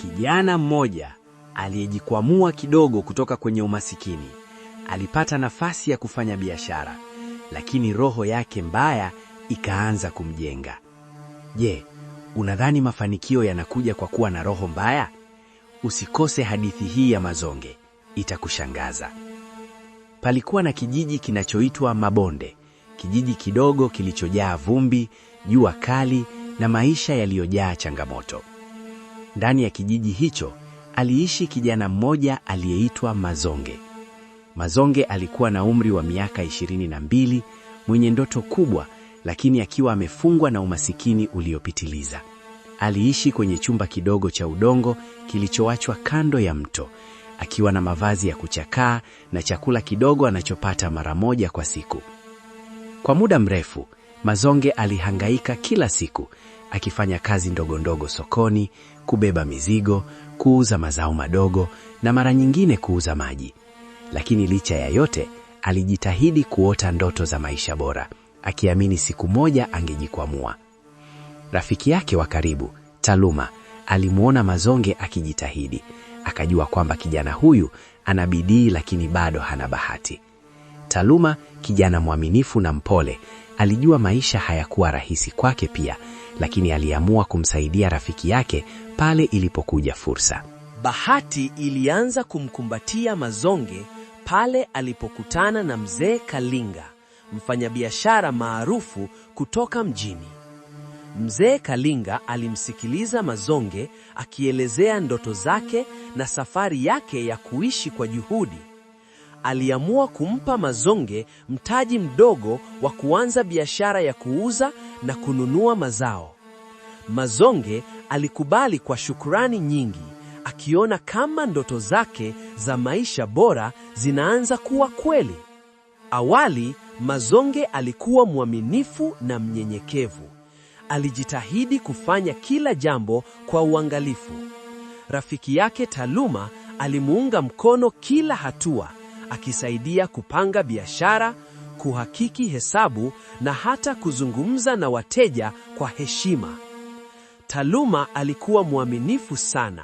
Kijana mmoja aliyejikwamua kidogo kutoka kwenye umasikini alipata nafasi ya kufanya biashara, lakini roho yake mbaya ikaanza kumjenga. Je, unadhani mafanikio yanakuja kwa kuwa na roho mbaya? Usikose hadithi hii ya Mazonge, itakushangaza. Palikuwa na kijiji kinachoitwa Mabonde, kijiji kidogo kilichojaa vumbi, jua kali na maisha yaliyojaa changamoto. Ndani ya kijiji hicho aliishi kijana mmoja aliyeitwa Mazonge. Mazonge alikuwa na umri wa miaka ishirini na mbili, mwenye ndoto kubwa, lakini akiwa amefungwa na umasikini uliopitiliza. Aliishi kwenye chumba kidogo cha udongo kilichoachwa kando ya mto, akiwa na mavazi ya kuchakaa na chakula kidogo anachopata mara moja kwa siku. Kwa muda mrefu, Mazonge alihangaika kila siku, akifanya kazi ndogo ndogo sokoni, kubeba mizigo, kuuza mazao madogo na mara nyingine kuuza maji. Lakini licha ya yote, alijitahidi kuota ndoto za maisha bora, akiamini siku moja angejikwamua. Rafiki yake wa karibu, Taluma, alimuona Mazonge akijitahidi, akajua kwamba kijana huyu ana bidii lakini bado hana bahati. Taluma, kijana mwaminifu na mpole, alijua maisha hayakuwa rahisi kwake pia, lakini aliamua kumsaidia rafiki yake pale ilipokuja fursa. Bahati ilianza kumkumbatia Mazonge pale alipokutana na mzee Kalinga, mfanyabiashara maarufu kutoka mjini. Mzee Kalinga alimsikiliza Mazonge akielezea ndoto zake na safari yake ya kuishi kwa juhudi. Aliamua kumpa Mazonge mtaji mdogo wa kuanza biashara ya kuuza na kununua mazao. Mazonge alikubali kwa shukrani nyingi, akiona kama ndoto zake za maisha bora zinaanza kuwa kweli. Awali, Mazonge alikuwa mwaminifu na mnyenyekevu. Alijitahidi kufanya kila jambo kwa uangalifu. Rafiki yake Taluma alimuunga mkono kila hatua, akisaidia kupanga biashara, kuhakiki hesabu na hata kuzungumza na wateja kwa heshima. Taluma alikuwa mwaminifu sana.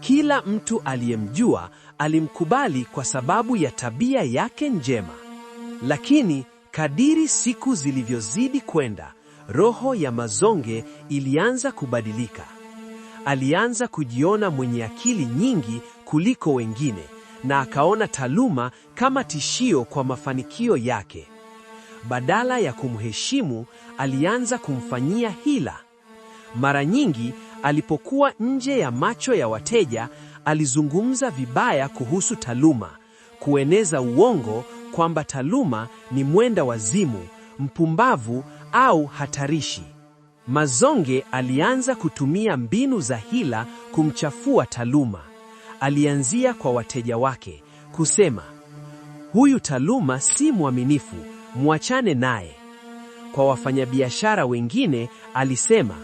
Kila mtu aliyemjua alimkubali kwa sababu ya tabia yake njema. Lakini kadiri siku zilivyozidi kwenda, roho ya Mazonge ilianza kubadilika. Alianza kujiona mwenye akili nyingi kuliko wengine na akaona Taluma kama tishio kwa mafanikio yake. Badala ya kumheshimu, alianza kumfanyia hila. Mara nyingi alipokuwa nje ya macho ya wateja, alizungumza vibaya kuhusu Taluma, kueneza uongo kwamba Taluma ni mwenda wazimu, mpumbavu au hatarishi. Mazonge alianza kutumia mbinu za hila kumchafua Taluma. Alianzia kwa wateja wake kusema, huyu Taluma si mwaminifu, mwachane naye. Kwa wafanyabiashara wengine alisema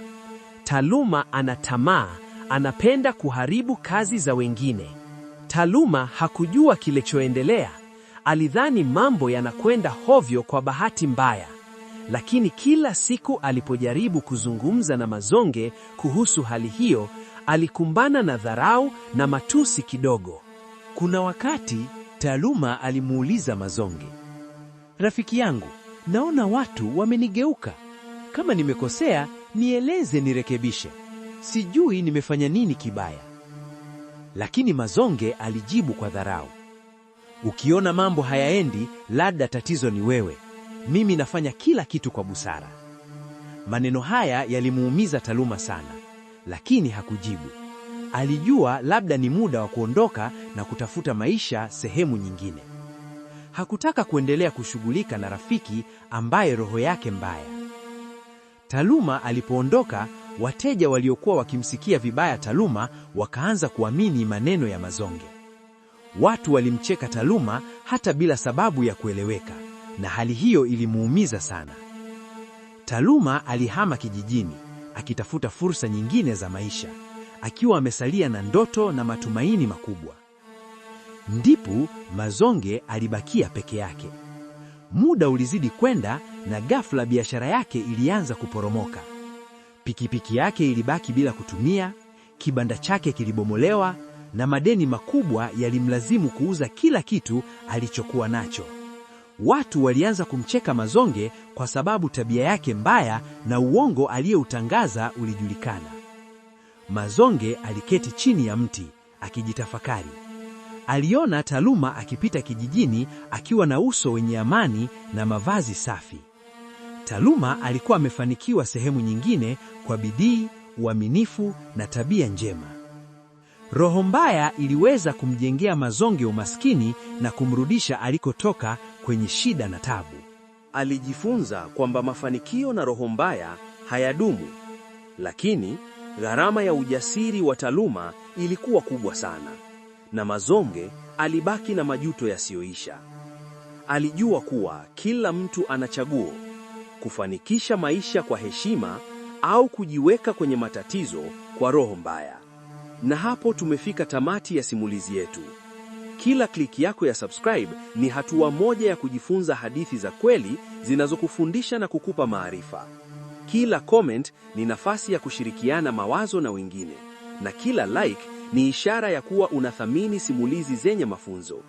Taluma ana tamaa, anapenda kuharibu kazi za wengine. Taluma hakujua kilichoendelea. Alidhani mambo yanakwenda hovyo kwa bahati mbaya. Lakini kila siku alipojaribu kuzungumza na Mazonge kuhusu hali hiyo, alikumbana na dharau na matusi kidogo. Kuna wakati Taluma alimuuliza Mazonge, "Rafiki yangu, naona watu wamenigeuka. Kama nimekosea, nieleze nirekebishe, sijui nimefanya nini kibaya. Lakini Mazonge alijibu kwa dharau, ukiona mambo hayaendi, labda tatizo ni wewe. Mimi nafanya kila kitu kwa busara. Maneno haya yalimuumiza Taluma sana, lakini hakujibu. Alijua labda ni muda wa kuondoka na kutafuta maisha sehemu nyingine. Hakutaka kuendelea kushughulika na rafiki ambaye roho yake mbaya Taluma alipoondoka, wateja waliokuwa wakimsikia vibaya Taluma wakaanza kuamini maneno ya Mazonge. Watu walimcheka Taluma hata bila sababu ya kueleweka, na hali hiyo ilimuumiza sana. Taluma alihama kijijini akitafuta fursa nyingine za maisha, akiwa amesalia na ndoto na matumaini makubwa. Ndipo Mazonge alibakia peke yake. Muda ulizidi kwenda na ghafla biashara yake ilianza kuporomoka. Pikipiki yake ilibaki bila kutumia, kibanda chake kilibomolewa na madeni makubwa yalimlazimu kuuza kila kitu alichokuwa nacho. Watu walianza kumcheka Mazonge kwa sababu tabia yake mbaya na uongo aliyoutangaza ulijulikana. Mazonge aliketi chini ya mti akijitafakari aliona Taluma akipita kijijini akiwa na uso wenye amani na mavazi safi. Taluma alikuwa amefanikiwa sehemu nyingine kwa bidii, uaminifu na tabia njema. Roho mbaya iliweza kumjengea mazonge umaskini na kumrudisha alikotoka kwenye shida na tabu. Alijifunza kwamba mafanikio na roho mbaya hayadumu, lakini gharama ya ujasiri wa Taluma ilikuwa kubwa sana na Mazonge alibaki na majuto yasiyoisha. Alijua kuwa kila mtu ana chaguo: kufanikisha maisha kwa heshima au kujiweka kwenye matatizo kwa roho mbaya. Na hapo tumefika tamati ya simulizi yetu. Kila kliki yako ya subscribe ni hatua moja ya kujifunza hadithi za kweli zinazokufundisha na kukupa maarifa. Kila comment ni nafasi ya kushirikiana mawazo na wengine, na kila like ni ishara ya kuwa unathamini simulizi zenye mafunzo.